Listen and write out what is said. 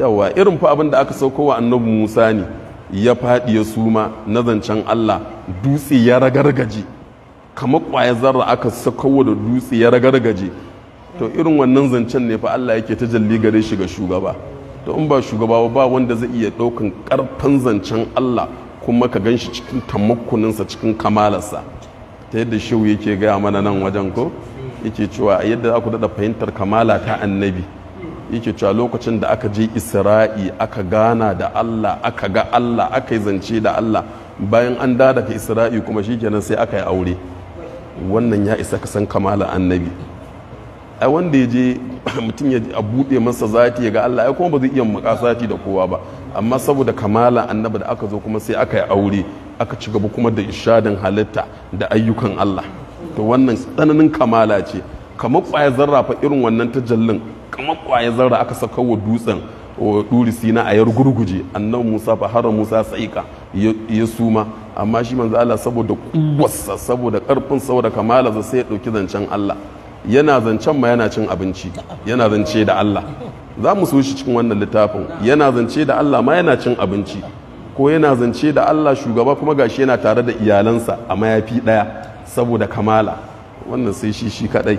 yawa irin fa abin da aka sauko wa annabi musa ne ya faɗi ya suma na zancen allah dutse ya ragargaje kamar ƙwayar zarra aka sauko da dutse ya ragargaje to irin wannan zancen ne fa allah yake ta jalli gare shi ga shugaba to in ba shugaba ba wanda zai iya ɗaukan ƙarfin zancen allah kuma ka ganshi shi cikin tamakkuninsa cikin kamalarsa ta yadda shehu yake gaya mana nan wajen ko yake cewa yadda za ku daɗa fahimtar kamala ta annabi yake cewa lokacin da aka je isra'i aka gana da allah aka ga allah aka yi zance da allah bayan an da daga isra'i kuma shikenan sai aka yi aure wannan ya isa kasan kamala annabi a wanda ya je mutum ya a buɗe masa zati ya ga allah ya kuma ba zai iya zati da kowa ba amma saboda kamala annabi da aka zo kuma sai aka yi aure aka ci gaba kuma da ishadin halitta da ayyukan allah to wannan tsananin kamala ce kamar ƙwayar zarra fa irin wannan tajallin kamar ƙwayar zarra aka saka wa dutsen ɗuri sina a yar gurguje annan musa fa har musa saika ya suma amma shi manzo Allah saboda kuwarsa saboda karfin saboda kamala sai ya dauki zancen Allah yana zancen ma yana cin abinci yana zance da Allah za mu so shi cikin wannan littafin yana zance da Allah ma yana cin abinci ko yana zance da Allah shugaba kuma gashi yana tare da iyalansa a mayafi ɗaya saboda kamala wannan sai shi shi kadai